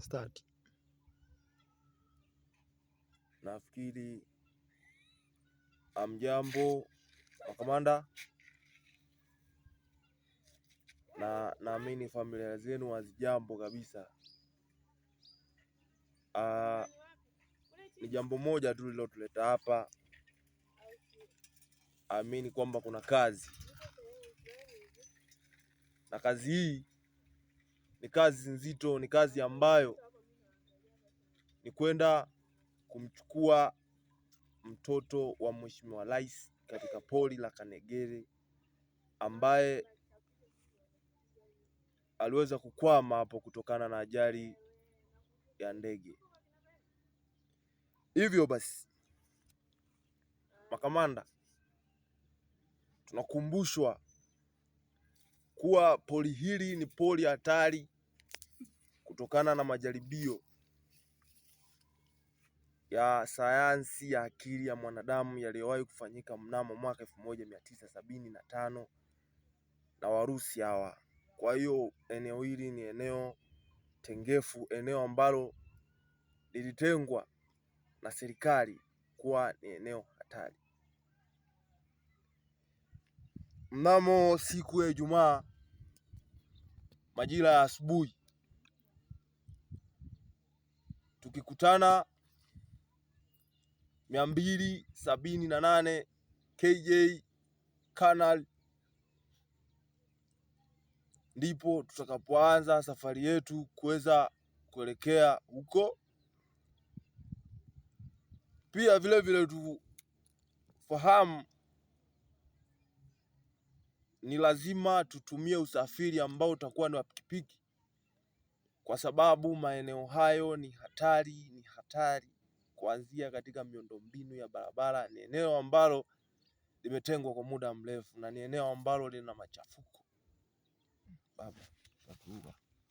Start. Nafikiri amjambo kamanda, na naamini familia zenu hazijambo kabisa. Aa, ah, ni jambo moja tu lililotuleta hapa, amini kwamba kuna kazi na kazi hii ni kazi nzito, ni kazi ambayo ni kwenda kumchukua mtoto wa Mheshimiwa Rais katika pori la Kanegere ambaye aliweza kukwama hapo kutokana na ajali ya ndege. Hivyo basi, makamanda, tunakumbushwa kuwa pori hili ni poli hatari kutokana na majaribio ya sayansi ya akili ya mwanadamu yaliyowahi kufanyika mnamo mwaka elfu moja mia tisa sabini na tano na Warusi hawa. Kwa hiyo eneo hili ni eneo tengefu, eneo ambalo lilitengwa na serikali kuwa ni eneo hatari. Mnamo siku ya Ijumaa majira ya asubuhi, tukikutana mia mbili sabini na nane KJ Canal, ndipo tutakapoanza safari yetu kuweza kuelekea huko. Pia vile vile tufahamu ni lazima tutumie usafiri ambao utakuwa ni wa pikipiki, kwa sababu maeneo hayo ni hatari, ni hatari kuanzia katika miundombinu ya barabara. Ni eneo ambalo limetengwa kwa muda mrefu na ni eneo ambalo lina machafuko Baba.